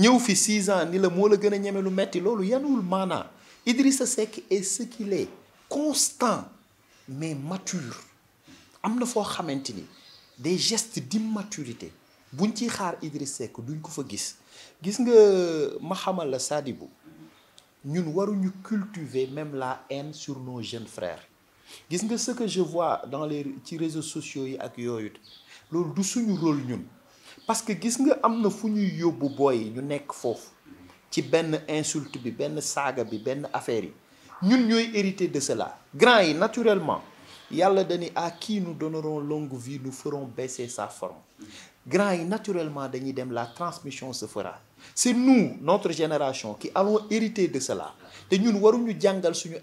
ñew fi 6 ans ni la mo la gëna ñëmé lu metti lolu yanul mana Idrissa Seck est ce qu'il est constant mais mature amna fo xamanteni des gestes d'immaturité buñ ci xaar idriss Seck duñ ko fa gis gis nga ma xamal la sadibu ñun waruñu cultiver même la haine sur nos jeunes frères gis nga ce que je vois dans les ci réseaux sociaux yi ak yoyut lolu du suñu rôle ñun parce que gis nga am a fu ñuy yóbbu booy nous ñu nekk foofu ci insulte bi saga, saga, bi affaire Nous, ñun hériter hérité de cela grand naturellement à qui nous donnerons longue vie nous ferons baisser sa forme grand naturellement dem la transmission se fera c'est nous notre génération qui allons hériter de cela nous ñun nous dire suñu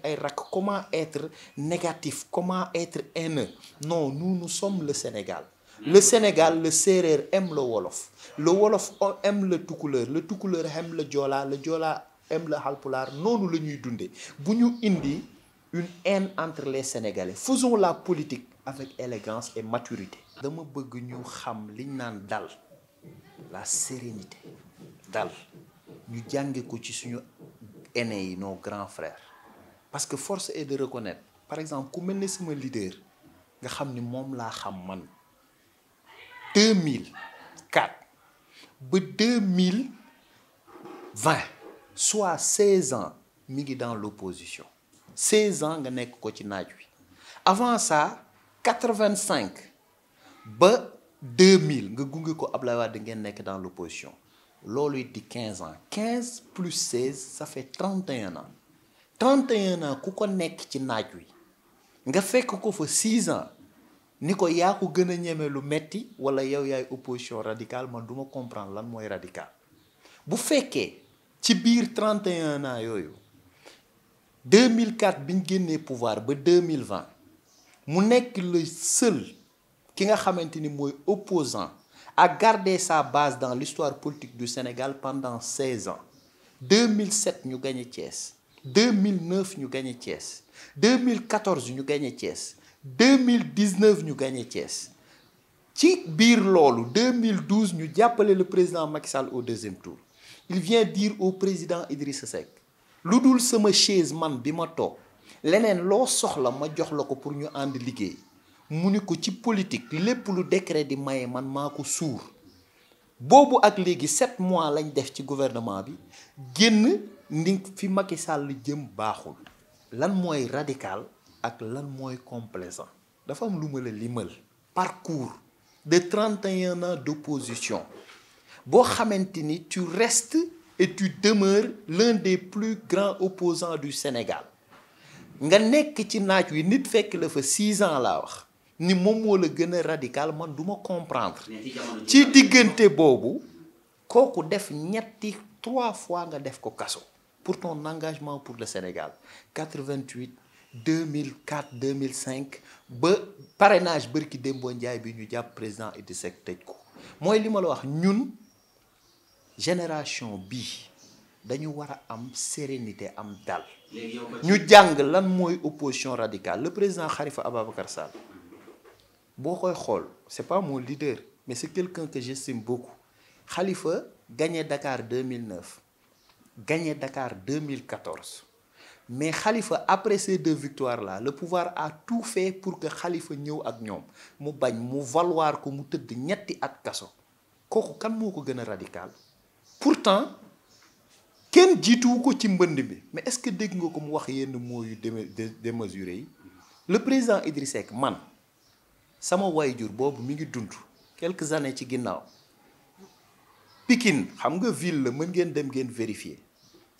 comment être négatif comment être haineux non nous nous sommes le Sénégal le Sénégal, le Serer aime le Wolof. Le Wolof aime le Toucouleur. Le Toucouleur aime le Diola. Le Diola aime le Halpolar. Non, nous le nous dundé. nous indi une haine entre les Sénégalais. Faisons la politique avec élégance et maturité. Dama bëgg ñu xam dal la sérénité dal ñu jànge ko ci suñu nos grands frères parce que force est de reconnaître par exemple ku mel leader nga xam ni 2004. En 2020, soit 16 ans, je suis dans l'opposition. 16 ans, je suis dans l'opposition. Avant ça, 85, 2000, je suis dans l'opposition. dans l'opposition. dit 15 ans. 15 plus 16, ça fait 31 ans. 31 ans, je suis dans l'opposition. Je fait 6 ans ni ko yaa ko a lu metti wala yow yaay opposition radicale man du comprendre lan mooy radical bu fekkee ci biir 31 ans En 2004 avez eu le pouvoir ba 2020 mu nekk le seul ki nga xamante ni opposant a gardé sa base dans l'histoire politique du Sénégal pendant 16 ans 2007 ñu gagné Thiès 2009 ñu gagné Thiès 2014 ñu gagné Thiès 2019 ñu gagné cees ci biir loolu 2012 ñu jàppale le président Macky Sall au deuxième tour il vient dire au président Idrissa sec lu dul sama chaise man bi ma toog leneen loo soxla ma jox la ko pour ñu ànd liggéey mu ni ko ci politique lépp lu décret di maye man maa ko suur boobu ak léegi sept mois lañ def ci gouvernement bi génn ndi fi Macky Sall jëm baaxul lan mooy radical ak lan mooy complaisant dafa am lu ma la limal parcours de 31 ans d'opposition boo xamante tu restes et tu demeures l'un des plus grands opposants du Sénégal nga nekk ci naaj wi nit fekk la fa 6 ans laa wax ni moom moo la gën a radical man du ma comprendre ci diggante boobu kooku def ñetti trois fois nga def ko kaso pour ton engagement pour le Sénégal 88 2004 2005 le parrainage de Dembo Ndiaye bi ñu le président de que je veux dire li ma la génération B. nous avons une sérénité Nous avons une opposition radicale le président Khalifa Abba Sal, ce n'est pas mon leader mais c'est quelqu'un que j'estime beaucoup Khalifa a gagné Dakar 2009 gagné Dakar 2014 mais Khalifa après ces deux victoires là le pouvoir a tout fait pour que Khalifa ne ak Mo mu bañ valoir ko mu kan radical pourtant ne ko mais est-ce que vous le président Idriss man sama quelques années ci Pikine xam ville dem vérifier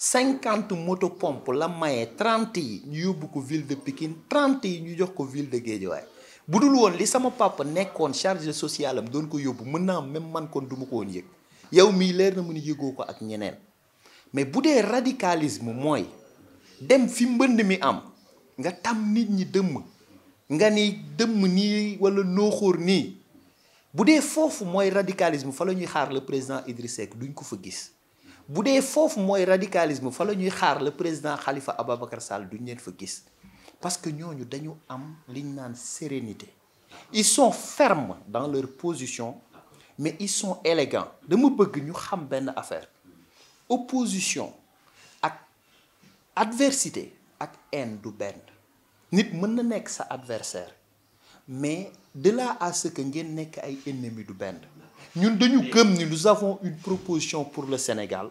cinquante moto pompe la maye trente yi ñu yóbbu ko ville de Pikine trente yi ñu jox ko ville de Guédiawaye bu dul woon li sama papa nekkoon charge sociale am doon ko yóbbu mën naa même man kon duma ko woon yëg yow mii leer na mu ni yëgoo ko ak ñeneen mais bu dee radicalisme mooy dem fi mbënd mi am nga tam nit ñi dëmm nga ni dëmm nii wala nooxóor nii bu dee foofu mooy radicalisme fa la ñuy xaar le président Idriss Seck duñ ko fa gis Si dee foofu mooy radicalisme fa que xaar le président Khalifa Ababakar Sall duñ leen fa gis parce que nous dañu am liñ nane sérénité ils sont fermes dans leur position mais ils sont élégants dama bëgg ñu xam ben affaire opposition ak adversité ak haine du ben. nit mën na nek sa adversaire mais de là à ce que ngeen nek ay ennemis du ben. nous avons une proposition pour le Sénégal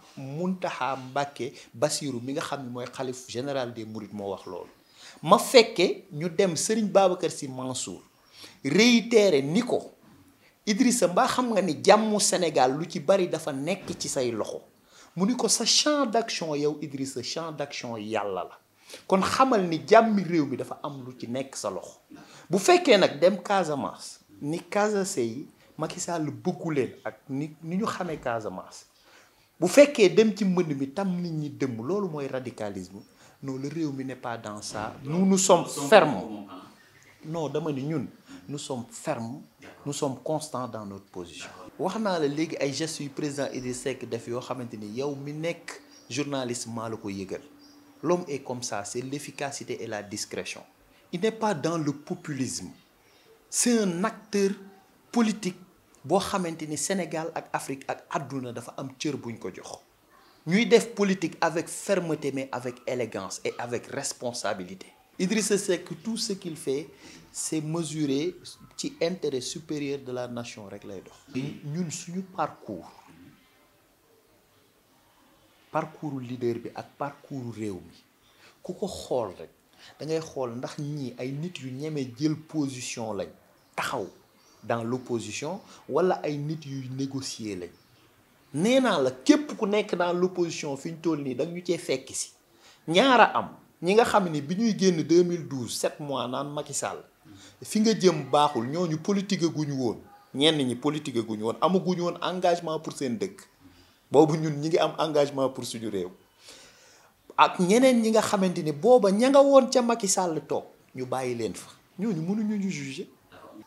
mun Muntaxa Mbàkke Basiiru mi nga xam ne mooy xalif général des Mourides moo wax loolu ma fekke ñu dem Sëriñ Babacar Sy Mansour réitéré ni ko Idrissa mbaa xam nga ni jàmm Sénégal lu ci bari dafa nekk ci say loxo mu ni ko sa champ d'action yow Idrissa champ d'action yàlla la kon xamal ni jàmm réew mi dafa am lu ci nekk sa loxo bu fekkee nag dem Casamance ni Casaase yi Macky Sall leen ak ni ni ñu xamee Casamance bu fait dem ci mbënd mi tam nit ñi dëmm loolu radicalisme non le réew n'est pas dans ça nous nous sommes fermes non dama ni ñun nous sommes fermes nous sommes constants dans notre position Je suis la léegi ay gestes yu président Idriss Seck def yoo xamante yow mi nekk journaliste mal au ko l'homme est comme ça c'est l'efficacité et la discrétion il n'est pas dans le populisme c'est un acteur politique boo xamante Sénégal ak Afrique ak àdduna dafa am cër buñ ko jox ñuy def politique avec fermeté mais avec élégance et avec responsabilité Idrissa que tout ce qu'il fait c'est mesurer ci intérêt supérieur de la nation rek lay dox ñun suñu parcours parcours leader bi ak parcours réew mi ku ko xool rek da ngay xool ndax ñii ay nit yu jël position lañ taxaw dans l'opposition wala ay nit yu négocier lañ nee la képp ku nekk dans l'opposition fiñ toll am ñi nga xamni génn 2012 7 mois naan Macky Sall fi nga jëm baaxul politique guñu woon ñenn ñi politique guñu woon woon engagement pour seen dëkk boobu ñun ñi ngi am engagement pour suñu réew ak ñeneen ñi nga xamante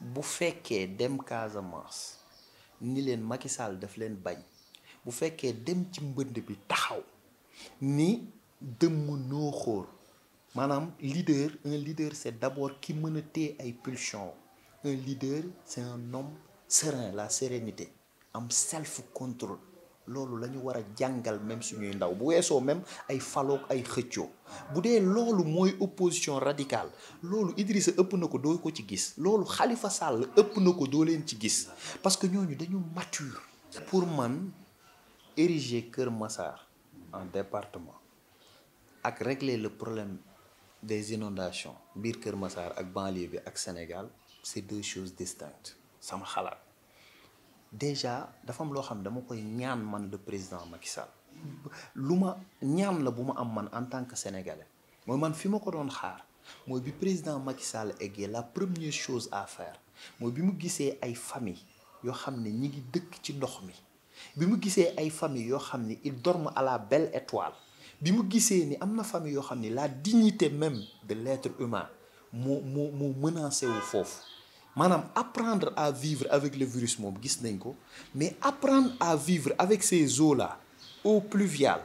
bu que dem mas ni leen Macky de daf leen Vous bu que dem ci mbënd bi ni dem noo Madame leader un leader c'est d'abord qui mën a un leader c'est un homme serein la sérénité am self control c'est lañu wara jangal même suñuy ndaw bu wesso même ay ay opposition radicale Idrissa ëpp nako do ko ci gis Khalifa Sall parce que nous, dañu mature. pour man ériger Kermassar en département ak régler le problème des inondations bir Kermassar, Massar ak banlieue bi ak Sénégal c'est deux choses distinctes sama déjà dafa am lo xam dama koy ñaan man le président Macky Sall luma ñaan la buma am man en tant que sénégalais moy man fi mako don xaar moy bi président Macky Sall eggee la première chose à faire moy bi mu gisee ay famille yo xamné ñi ngi dëkk ci ndox mi bi mu ay famille yo xamné ils dorment à la belle étoile bi mu gisee ni amna famille yo xam la dignité même de l'être humain mo, mo, mo, menacé wu fof manam apprendre à vivre avec le virus moom gis nañ mais apprendre à vivre avec ces eaux là eaux pluviales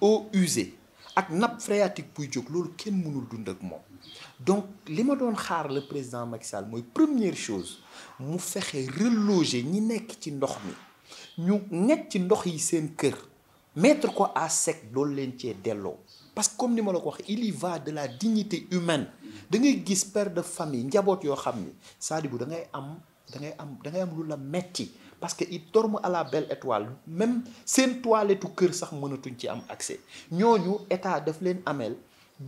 eaux usées ak nappe phréatique buy jóg lolou kenn mënul dund ak mom donc lima don xaar le président Macky Sall la première chose mu fexé reloger ñi nekk ci ndox mi ñu nekk ci ndox yi seen kër mettre quoi à sec dans leen de l'eau parce que comme ni ma la wax il y va de la dignité humaine da ngay gis père de famille njaboot yoo xam ni Sadibou da ngay am da ngay am da ngay am lu la metti parce que il dorme à la belle étoile même seen toilette kër sax mënatuñ ci am accès ñooñu état daf leen amel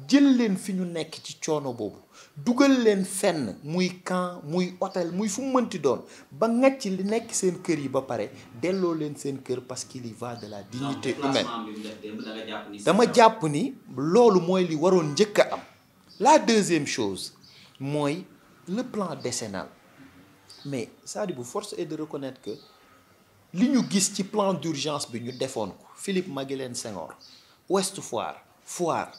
jël leen fi ñu nekk ci coono boobu dugal leen fenn muy camp muy hôtel muy fu mu mënti doon ba ngacc li nekk seen kër yi ba pare delloo leen seen kër parce qu'il y va de la dignité humaine dama jàpp ni loolu mooy li waroon njëkk a am la deuxième chose mooy le plan décennal mais ça à dire bu force est de reconnaître que li ñu gis ci plan d'urgence bi ñu defoon ko Philippe Maguelen Senghor Ouest Foire Foire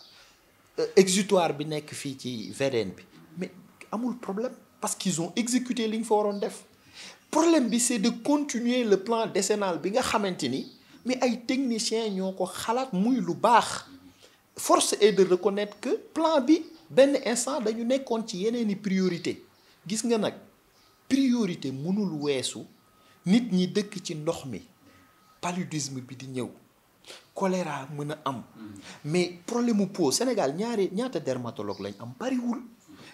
euh, exutoire bi nek fi ci VDN bi mais amul problème parce qu'ils ont exécuté ligne ñu def problème bi c'est de continuer le plan décennal bi nga xamanteni mais ay techniciens ñoo ko xalaat muy lu bax force est de reconnaître que plan bi ben instant dañu nekkoon ci yeneeni priorité gis nga nak priorité mënul weesu nit ñi dëkk ci ndox mi paludisme bi di ñëw choléra mën a am mais problème mu peau Sénégal ñaari ñaata dermatologue lañ am wul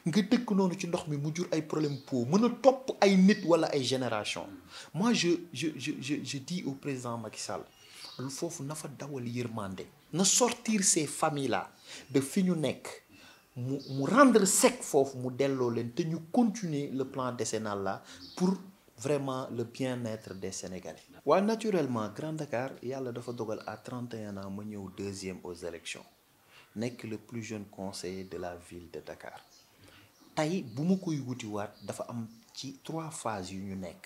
nga dëkk noonu ci ndox mi mu jur ay problème peau mën a topp ay nit wala ay génération moi je je je je je dis au président Macky Sall foofu na dawal yërmande na sortir ces familles là de fi ñu nekk mu mu rendre sec foofu mu delloo leen te ñu continuer le plan décennal là pour vraiment le bien-être des Sénégalais waaw naturellement Grand Dakar yàlla dafa dogal à 31 ans ma ñëw deuxième aux élections nekk le plus jeune conseiller de la ville de Dakar tey bu ma koy wutiwaat dafa am ci trois phases yu ñu nekk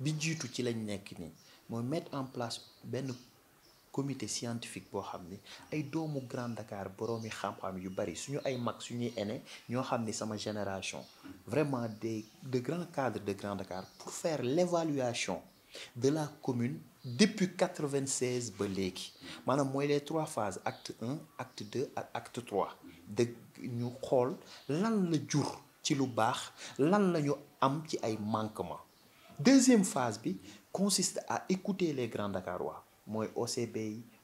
bi jiitu ci lañ nekk nii mooy mettre en place benn comité scientifique boo xam ni ay doomu Grand Dakar boroomi xam-xam yu bari suñu ay mag suñuy aînés ñoo xam ni sama génération vraiment des de grands cadres de Grand Dakar pour faire l'évaluation de la commune depuis 1996. Maintenant, il y les trois phases, acte 1, acte 2 et acte 3. De, nous regardons l'an le jour, le bar, l'an un manquement. Deuxième phase consiste à écouter les grands Dakarois,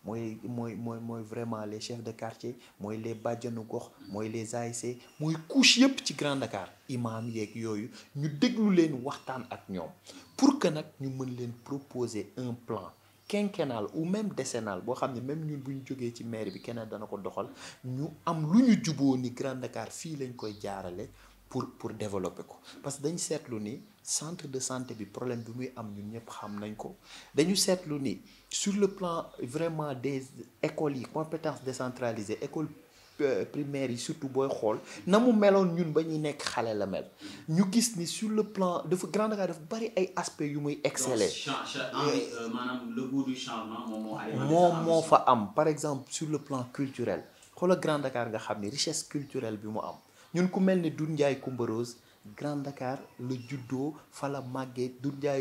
moi mooy mooy mooy vraiment les chefs de quartier moi les bàjjanu gox les ASC moi couche yépp ci Grand Dakar imam yek yoyu ñu déglu leen waxtaan ak ñom pour que nak ñu mën leen proposer un plan quinquennal ou même décennal bo xamné même ñun buñ joggé ci maire bi da na ko doxal ñu am luñu ñu ni Grand Dakar fi lañ koy jaarale pour développer parce que dañ ni centre de santé bi problème bi muy am ñun sur le plan vraiment des écoles compétences décentralisées école euh, primaire surtout boy xol namu ñun la sur le plan aspects yu muy euh, le goût du changement par exemple sur le plan culturel quand Grand Dakar nga xamni richesse culturelle ñun ku mel ni Doudou Rose Grand Dakar le Judo, fa la màggee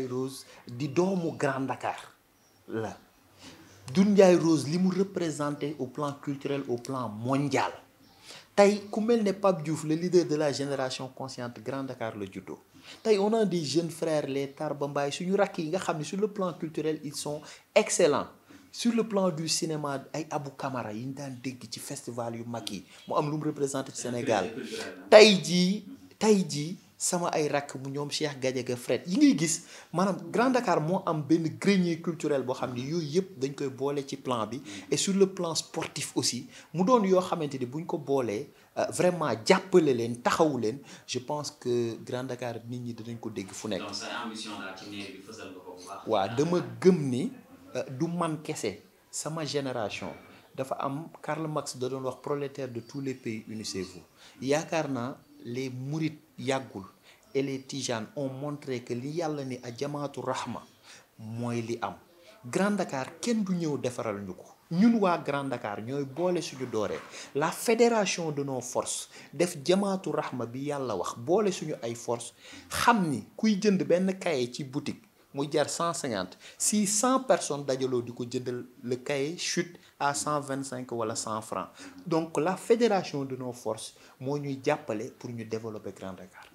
Rose di doomu Grand Dakar la Doudou Rose ils nous représenté au plan culturel au plan mondial tay ku mel ne Pape le leader de la génération consciente Grand Dakar le Judo. tay on a des jeunes frères les Tarba Mbaye suñu rakk yi nga xamni sur le plan culturel ils sont excellents sur le plan du cinéma ay Abou Camara yi ñu dégg ci festival yu mag yi mu am lu mu représenté ci Sénégal tey jii tey jii sama ay rak mu ñoom Cheikh Gadiaga Fred yi ngay gis maanaam Grand Dakar moo am benn grenier culturel boo xam ne yooyu yëpp dañ koy boole ci plan bi et sur le plan sportif aussi mu doon yoo xamante ni buñ ko boolee euh, vraiment jàppale leen taxawu leen je pense que Grand Dakar nit ñi dinañ ko dégg fu nekk. donc dama gëm ni. Euh, du man kese sama génération dafa am Karl Marx da doon wax prolétaire de tous les pays unissez-vous Yakarna les murit et les tijan ont montré que li yalla ni a jamaatu rahma moy li am Grand Dakar ken du ñew défaral ñuko ñun wa Grand Dakar suñu la fédération de nos forces def jamaatu rahma bi yalla wax suñu ay force xamni kuy jënd ben ci boutique 150 si 100 personnes dajalo diko le cahier chute à 125 à 100 francs donc la fédération de nos forces nous ñuy pour nous développer grand regard